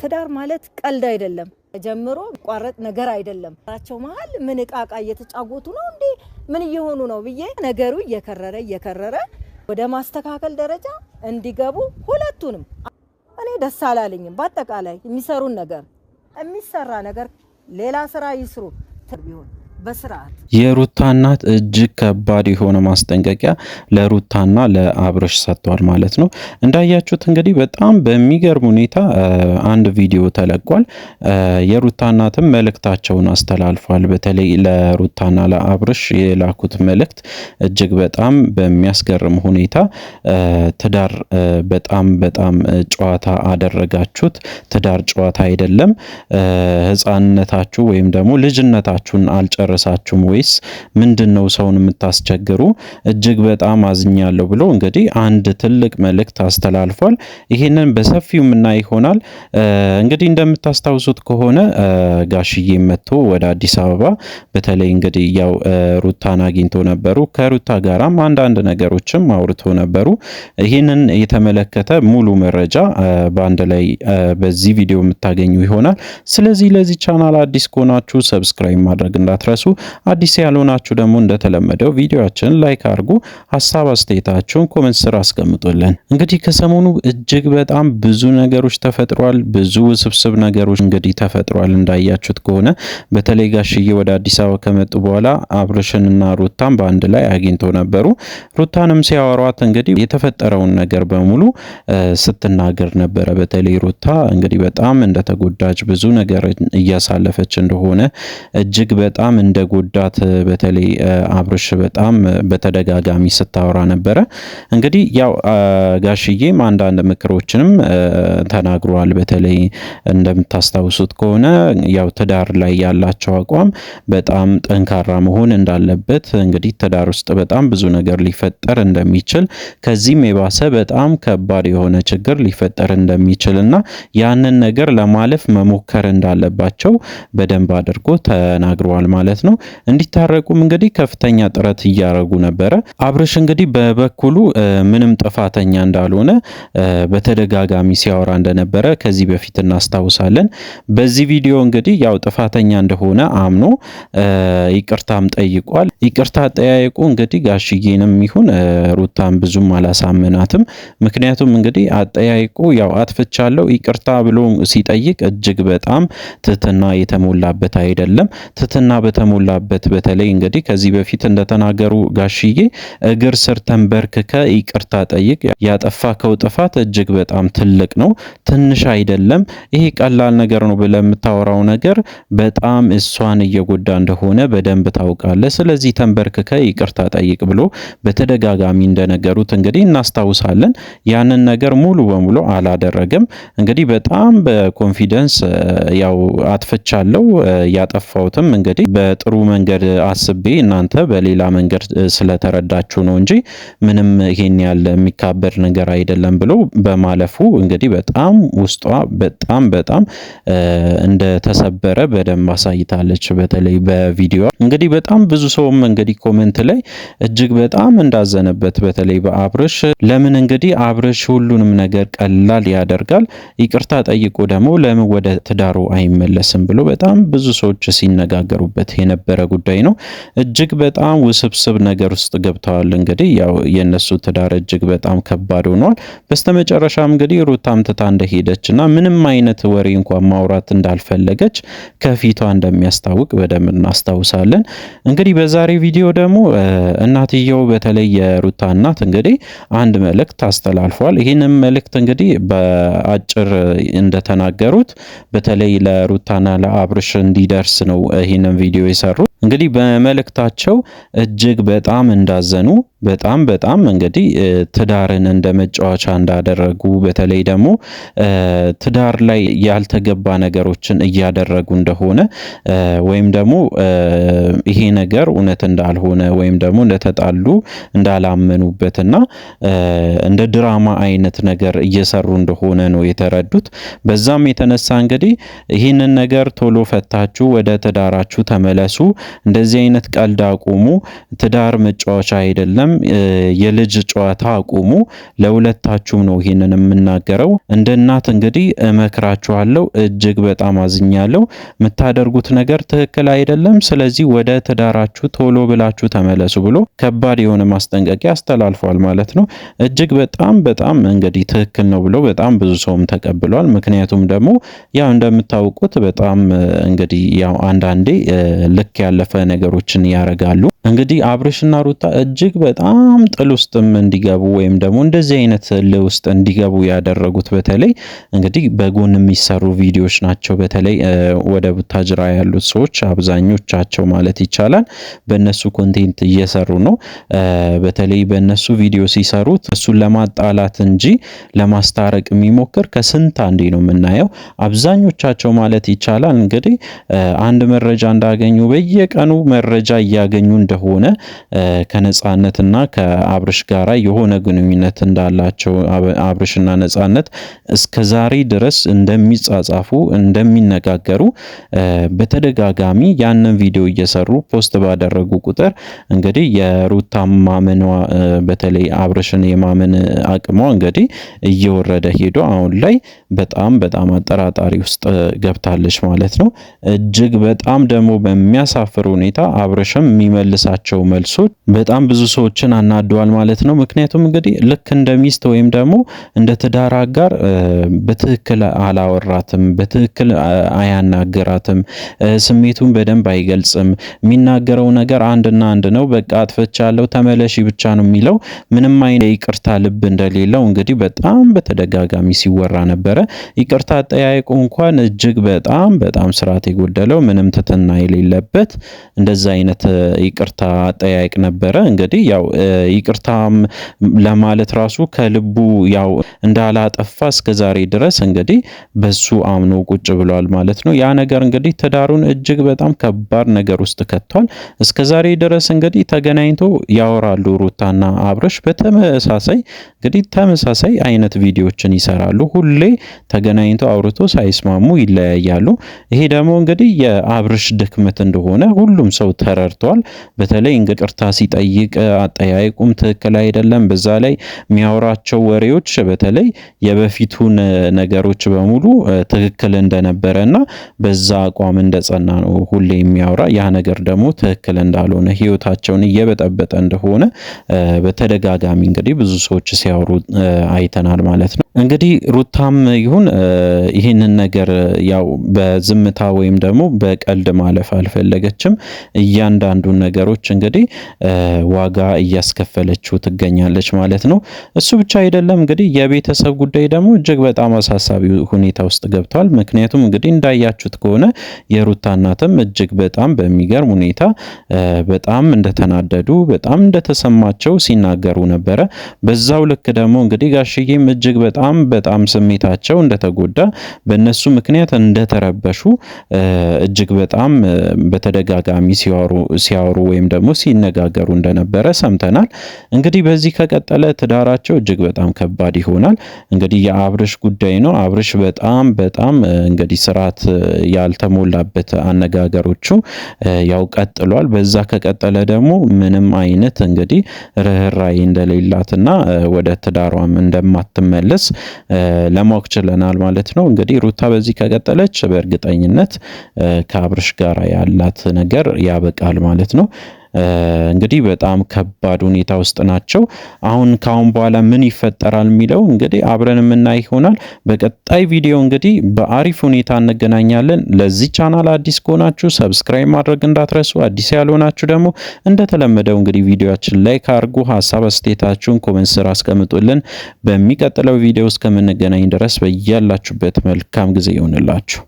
ትዳር ማለት ቀልድ አይደለም። ጀምሮ ቋረጥ ነገር አይደለም። ራቸው መሀል ምን እቃ እቃ እየተጫወቱ ነው እንዴ? ምን እየሆኑ ነው ብዬ ነገሩ እየከረረ እየከረረ ወደ ማስተካከል ደረጃ እንዲገቡ ሁለቱንም እኔ ደስ አላለኝም። በአጠቃላይ የሚሰሩን ነገር የሚሰራ ነገር ሌላ ስራ ይስሩ ቢሆን የሩታ እናት እጅግ ከባድ የሆነ ማስጠንቀቂያ ለሩታና ለአብርሽ ሰጥቷል ማለት ነው። እንዳያችሁት እንግዲህ በጣም በሚገርም ሁኔታ አንድ ቪዲዮ ተለቋል። የሩታ እናትም መልእክታቸውን አስተላልፏል። በተለይ ለሩታና ለአብርሽ የላኩት መልእክት እጅግ በጣም በሚያስገርም ሁኔታ ትዳር በጣም በጣም ጨዋታ አደረጋችሁት። ትዳር ጨዋታ አይደለም። ህፃንነታችሁ ወይም ደግሞ ልጅነታችሁን አልጨረ አልጨረሳችሁም ወይስ ምንድን ነው ሰውን የምታስቸግሩ? እጅግ በጣም አዝኛለሁ ብሎ እንግዲህ አንድ ትልቅ መልእክት አስተላልፏል። ይህንን በሰፊው ምና ይሆናል። እንግዲህ እንደምታስታውሱት ከሆነ ጋሽዬ መጥቶ ወደ አዲስ አበባ በተለይ እንግዲህ ያው ሩታን አግኝቶ ነበሩ። ከሩታ ጋራም አንዳንድ ነገሮችም አውርቶ ነበሩ። ይህንን የተመለከተ ሙሉ መረጃ በአንድ ላይ በዚህ ቪዲዮ የምታገኙ ይሆናል። ስለዚህ ለዚህ ቻናል አዲስ ከሆናችሁ ሰብስክራይብ ማድረግ እንዳትረሱ ተመለሱ። አዲስ ያልሆናችሁ ደግሞ እንደተለመደው ቪዲዮችን ላይክ አድርጉ። ሀሳብ አስተያየታችሁን ኮመንት ስር አስቀምጡልን። እንግዲህ ከሰሞኑ እጅግ በጣም ብዙ ነገሮች ተፈጥሯል። ብዙ ውስብስብ ነገሮች እንግዲህ ተፈጥሯል። እንዳያችሁት ከሆነ በተለይ ጋሽዬ ወደ አዲስ አበባ ከመጡ በኋላ እና ሩታን በአንድ ላይ አግኝቶ ነበሩ። ሩታንም ሲያወሯት እንግዲህ የተፈጠረውን ነገር በሙሉ ስትናገር ነበረ። በተለይ ሩታ እንግዲህ በጣም እንደተጎዳች ብዙ ነገር እያሳለፈች እንደሆነ እጅግ በጣም እንደ ጎዳት በተለይ አብርሽ በጣም በተደጋጋሚ ስታወራ ነበረ። እንግዲህ ያው ጋሽዬም አንዳንድ ምክሮችንም ተናግሯል። በተለይ እንደምታስታውሱት ከሆነ ያው ትዳር ላይ ያላቸው አቋም በጣም ጠንካራ መሆን እንዳለበት እንግዲህ ትዳር ውስጥ በጣም ብዙ ነገር ሊፈጠር እንደሚችል ከዚህም የባሰ በጣም ከባድ የሆነ ችግር ሊፈጠር እንደሚችል እና ያንን ነገር ለማለፍ መሞከር እንዳለባቸው በደንብ አድርጎ ተናግሯል ማለት ነው። እንዲታረቁም እንግዲህ ከፍተኛ ጥረት እያደረጉ ነበረ። አብርሽ እንግዲህ በበኩሉ ምንም ጥፋተኛ እንዳልሆነ በተደጋጋሚ ሲያወራ እንደነበረ ከዚህ በፊት እናስታውሳለን። በዚህ ቪዲዮ እንግዲህ ያው ጥፋተኛ እንደሆነ አምኖ ይቅርታም ጠይቋል። ይቅርታ ጠያየቁ እንግዲህ ጋሽዬንም ይሁን ሩታን ብዙም አላሳምናትም። ምክንያቱም እንግዲህ አጠያይቁ ያው አጥፍቻለሁ ይቅርታ ብሎ ሲጠይቅ እጅግ በጣም ትህትና የተሞላበት አይደለም። ትህትና በተሞ የተሞላበት በተለይ እንግዲህ ከዚህ በፊት እንደተናገሩ ጋሽዬ እግር ስር ተንበርክከ ይቅርታ ጠይቅ። ያጠፋከው ጥፋት እጅግ በጣም ትልቅ ነው፣ ትንሽ አይደለም። ይሄ ቀላል ነገር ነው ብለህ የምታወራው ነገር በጣም እሷን እየጎዳ እንደሆነ በደንብ ታውቃለህ። ስለዚህ ተንበርክከ ይቅርታ ጠይቅ ብሎ በተደጋጋሚ እንደነገሩት እንግዲህ እናስታውሳለን። ያንን ነገር ሙሉ በሙሉ አላደረገም። እንግዲህ በጣም በኮንፊደንስ ያው አጥፍቻለሁ ያጠፋሁትም እንግዲህ በጥሩ መንገድ አስቤ እናንተ በሌላ መንገድ ስለተረዳችሁ ነው እንጂ ምንም ይሄን ያለ የሚካበድ ነገር አይደለም ብሎ በማለፉ እንግዲህ በጣም ውስጧ በጣም በጣም እንደተሰበረ በደንብ አሳይታለች። በተለይ በቪዲዮ እንግዲህ በጣም ብዙ ሰውም እንግዲህ ኮሜንት ላይ እጅግ በጣም እንዳዘነበት በተለይ በአብርሽ ለምን እንግዲህ አብርሽ ሁሉንም ነገር ቀላል ያደርጋል፣ ይቅርታ ጠይቆ ደግሞ ለምን ወደ ትዳሩ አይመለስም ብሎ በጣም ብዙ ሰዎች ሲነጋገሩበት የነበረ ጉዳይ ነው። እጅግ በጣም ውስብስብ ነገር ውስጥ ገብተዋል። እንግዲህ ያው የእነሱ ትዳር እጅግ በጣም ከባድ ሆኗል። በስተመጨረሻም እንግዲህ ሩታም አምትታ እንደሄደች እና ምንም አይነት ወሬ እንኳን ማውራት እንዳልፈለገች ከፊቷ እንደሚያስታውቅ በደንብ እናስታውሳለን። እንግዲህ በዛሬ ቪዲዮ ደግሞ እናትየው በተለይ የሩታ እናት እንግዲህ አንድ መልእክት አስተላልፏል። ይህንም መልእክት እንግዲህ በአጭር እንደተናገሩት በተለይ ለሩታና ለአብርሽ እንዲደርስ ነው ይህንን ቪዲዮ የሰሩት እንግዲህ በመልእክታቸው እጅግ በጣም እንዳዘኑ በጣም በጣም እንግዲህ ትዳርን እንደ መጫወቻ እንዳደረጉ በተለይ ደግሞ ትዳር ላይ ያልተገባ ነገሮችን እያደረጉ እንደሆነ ወይም ደግሞ ይሄ ነገር እውነት እንዳልሆነ ወይም ደግሞ እንደተጣሉ እንዳላመኑበትና እንደ ድራማ አይነት ነገር እየሰሩ እንደሆነ ነው የተረዱት። በዛም የተነሳ እንግዲህ ይህንን ነገር ቶሎ ፈታችሁ ወደ ትዳራችሁ ተመለሱ፣ እንደዚህ አይነት ቀልድ አቁሙ፣ ትዳር መጫወቻ አይደለም ሁላችሁም የልጅ ጨዋታ አቁሙ። ለሁለታችሁም ነው ይሄንን የምናገረው። እንደ እናት እንግዲህ እመክራችኋለሁ። እጅግ በጣም አዝኛለሁ። የምታደርጉት ነገር ትክክል አይደለም። ስለዚህ ወደ ትዳራችሁ ቶሎ ብላችሁ ተመለሱ ብሎ ከባድ የሆነ ማስጠንቀቂያ አስተላልፏል ማለት ነው። እጅግ በጣም በጣም እንግዲህ ትክክል ነው ብሎ በጣም ብዙ ሰውም ተቀብሏል። ምክንያቱም ደግሞ ያው እንደምታውቁት በጣም እንግዲህ ያው አንዳንዴ ልክ ያለፈ ነገሮችን ያረጋሉ። እንግዲህ አብርሽና ሩታ እጅግ በጣም ጥል ውስጥም እንዲገቡ ወይም ደግሞ እንደዚህ አይነት ል ውስጥ እንዲገቡ ያደረጉት በተለይ እንግዲህ በጎን የሚሰሩ ቪዲዮዎች ናቸው። በተለይ ወደ ቡታጅራ ያሉት ሰዎች አብዛኞቻቸው ማለት ይቻላል በእነሱ ኮንቴንት እየሰሩ ነው። በተለይ በእነሱ ቪዲዮ ሲሰሩት እሱን ለማጣላት እንጂ ለማስታረቅ የሚሞክር ከስንት አንዴ ነው የምናየው። አብዛኞቻቸው ማለት ይቻላል እንግዲህ አንድ መረጃ እንዳገኙ በየቀኑ መረጃ እያገኙ እንደሆነ ከነጻነትና ከአብርሽ ጋራ የሆነ ግንኙነት እንዳላቸው አብርሽና ነጻነት እስከ ዛሬ ድረስ እንደሚጻጻፉ እንደሚነጋገሩ በተደጋጋሚ ያንን ቪዲዮ እየሰሩ ፖስት ባደረጉ ቁጥር እንግዲህ የሩታ ማመኗ በተለይ አብርሽን የማመን አቅሟ እንግዲህ እየወረደ ሄዶ አሁን ላይ በጣም በጣም አጠራጣሪ ውስጥ ገብታለች ማለት ነው። እጅግ በጣም ደግሞ በሚያሳፍር ሁኔታ አብርሽም የሚመልስ የምትመልሳቸው መልሶች በጣም ብዙ ሰዎችን አናደዋል ማለት ነው። ምክንያቱም እንግዲህ ልክ እንደ ሚስት ወይም ደግሞ እንደ ትዳር አጋር በትክክል አላወራትም፣ በትክክል አያናገራትም፣ ስሜቱን በደንብ አይገልጽም። የሚናገረው ነገር አንድና አንድ ነው። በቃ አጥፍቻለሁ ተመለሺ ብቻ ነው የሚለው። ምንም አይነ ይቅርታ ልብ እንደሌለው እንግዲህ በጣም በተደጋጋሚ ሲወራ ነበረ። ይቅርታ አጠያየቁ እንኳን እጅግ በጣም በጣም ስርዓት የጎደለው ምንም ትትና የሌለበት እንደዛ አይነት ይቅርታ ይቅርታ ጠያቅ ነበረ። እንግዲህ ያው ይቅርታም ለማለት ራሱ ከልቡ ያው እንዳላጠፋ እስከ ዛሬ ድረስ እንግዲህ በሱ አምኖ ቁጭ ብሏል ማለት ነው። ያ ነገር እንግዲህ ትዳሩን እጅግ በጣም ከባድ ነገር ውስጥ ከቷል። እስከ ዛሬ ድረስ እንግዲህ ተገናኝቶ ያወራሉ ሩታና አብረሽ። በተመሳሳይ እንግዲህ ተመሳሳይ አይነት ቪዲዮዎችን ይሰራሉ። ሁሌ ተገናኝቶ አውርቶ ሳይስማሙ ይለያያሉ። ይሄ ደግሞ እንግዲህ የአብረሽ ድክመት እንደሆነ ሁሉም ሰው ተረድቷል። በተለይ እንቅርታ ሲጠይቅ አጠያየቁም ትክክል አይደለም። በዛ ላይ የሚያወራቸው ወሬዎች በተለይ የበፊቱን ነገሮች በሙሉ ትክክል እንደነበረ እና በዛ አቋም እንደጸና ነው ሁሌ የሚያወራ። ያ ነገር ደግሞ ትክክል እንዳልሆነ ህይወታቸውን እየበጠበጠ እንደሆነ በተደጋጋሚ እንግዲህ ብዙ ሰዎች ሲያወሩ አይተናል ማለት ነው። እንግዲህ ሩታም ይሁን ይህንን ነገር ያው በዝምታ ወይም ደግሞ በቀልድ ማለፍ አልፈለገችም። እያንዳንዱን ነገሮች ነገሮች እንግዲህ ዋጋ እያስከፈለችው ትገኛለች ማለት ነው። እሱ ብቻ አይደለም እንግዲህ የቤተሰብ ጉዳይ ደግሞ እጅግ በጣም አሳሳቢ ሁኔታ ውስጥ ገብቷል። ምክንያቱም እንግዲህ እንዳያችሁት ከሆነ የሩታ እናትም እጅግ በጣም በሚገርም ሁኔታ በጣም እንደተናደዱ በጣም እንደተሰማቸው ሲናገሩ ነበረ። በዛው ልክ ደግሞ እንግዲህ ጋሽዬም እጅግ በጣም በጣም ስሜታቸው እንደተጎዳ በእነሱ ምክንያት እንደተረበሹ እጅግ በጣም በተደጋጋሚ ሲያወሩ ወይም ወይም ደግሞ ሲነጋገሩ እንደነበረ ሰምተናል። እንግዲህ በዚህ ከቀጠለ ትዳራቸው እጅግ በጣም ከባድ ይሆናል። እንግዲህ የአብርሽ ጉዳይ ነው። አብርሽ በጣም በጣም እንግዲህ ስርዓት ያልተሞላበት አነጋገሮቹ ያው ቀጥሏል። በዛ ከቀጠለ ደግሞ ምንም አይነት እንግዲህ ርኅራኄ እንደሌላትና ወደ ትዳሯም እንደማትመለስ ለማወቅ ችለናል ማለት ነው። እንግዲህ ሩታ በዚህ ከቀጠለች በእርግጠኝነት ከአብርሽ ጋር ያላት ነገር ያበቃል ማለት ነው። እንግዲህ በጣም ከባድ ሁኔታ ውስጥ ናቸው። አሁን ከአሁን በኋላ ምን ይፈጠራል የሚለው እንግዲህ አብረን የምናይ ይሆናል። በቀጣይ ቪዲዮ እንግዲህ በአሪፍ ሁኔታ እንገናኛለን። ለዚህ ቻናል አዲስ ከሆናችሁ ሰብስክራይብ ማድረግ እንዳትረሱ፣ አዲስ ያልሆናችሁ ደግሞ እንደተለመደው እንግዲህ ቪዲዮችን ላይክ አድርጉ፣ ሀሳብ አስተያየታችሁን ኮመንት ስር አስቀምጡልን። በሚቀጥለው ቪዲዮ እስከምንገናኝ ድረስ በያላችሁበት መልካም ጊዜ ይሆንላችሁ።